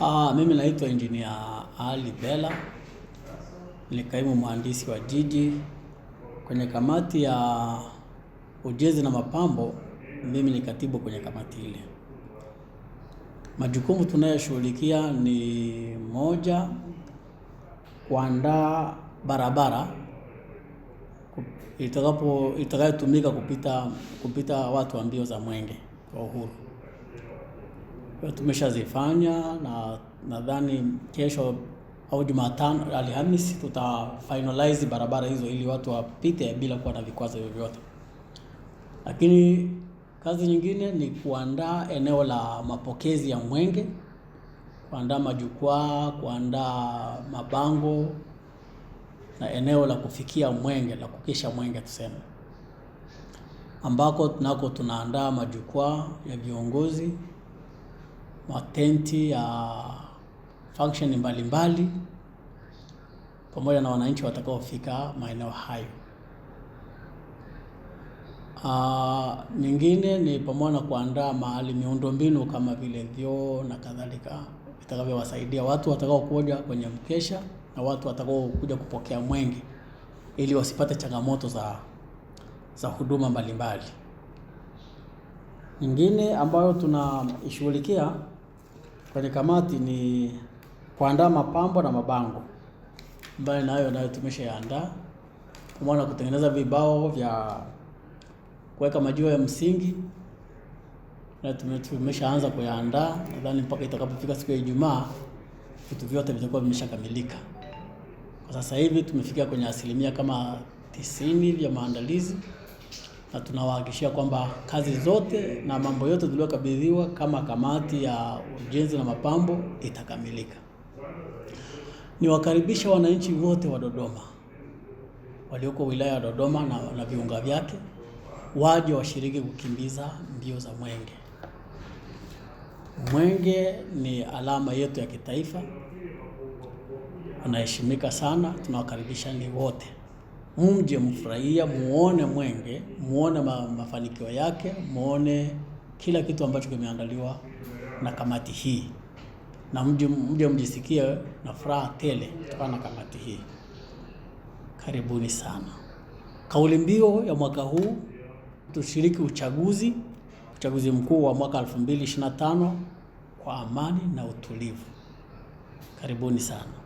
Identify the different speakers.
Speaker 1: Ah, mimi naitwa Engineer Ali Bella ni kaimu mhandisi wa jiji kwenye kamati ya ujenzi na mapambo. Mimi ni katibu kwenye kamati ile. Majukumu tunayoshughulikia ni moja, kuandaa barabara itakapo itakayotumika kupita kupita watu wa mbio za mwenge kwa uhuru tumeshazifanya na nadhani kesho au Jumatano, Alhamisi tuta finalize barabara hizo ili watu wapite bila kuwa na vikwazo vyovyote. Lakini kazi nyingine ni kuandaa eneo la mapokezi ya Mwenge, kuandaa majukwaa, kuandaa mabango na eneo la kufikia Mwenge, la kukisha Mwenge tuseme, ambako nako tunaandaa majukwaa ya viongozi matenti ya function mbalimbali pamoja na wananchi watakaofika maeneo hayo. Ah, nyingine ni pamoja na kuandaa mahali miundombinu kama vile vyoo na kadhalika vitakavyowasaidia watu watakaokuja kwenye mkesha na watu watakaokuja kupokea mwenge ili wasipate changamoto za, za huduma mbalimbali. Nyingine ambayo tunaishughulikia kwenye kamati ni kuandaa mapambo na mabango ambayo nayo nayo tumeshaandaa, pamoja na kutengeneza vibao vya kuweka majiwe ya msingi na tumeshaanza kuyaandaa. Nadhani mpaka itakapofika siku ya Ijumaa vitu vyote vitakuwa vimeshakamilika. Kwa sasa hivi tumefikia kwenye asilimia kama tisini vya maandalizi na tunawahakikishia kwamba kazi zote na mambo yote tuliyokabidhiwa kama kamati ya ujenzi na mapambo itakamilika. Niwakaribisha wananchi wote wa Dodoma walioko wilaya ya Dodoma na, na viunga vyake waje washiriki kukimbiza mbio za mwenge. Mwenge ni alama yetu ya kitaifa, unaheshimika sana. tunawakaribisha ni wote mje mfurahia, muone Mwenge, muone ma, mafanikio yake, muone kila kitu ambacho kimeandaliwa na kamati hii na mje mje mjisikie na furaha tele kutokana na kamati hii. Karibuni sana. Kauli mbiu ya mwaka huu tushiriki uchaguzi uchaguzi mkuu wa mwaka 2025 kwa amani na utulivu. Karibuni sana.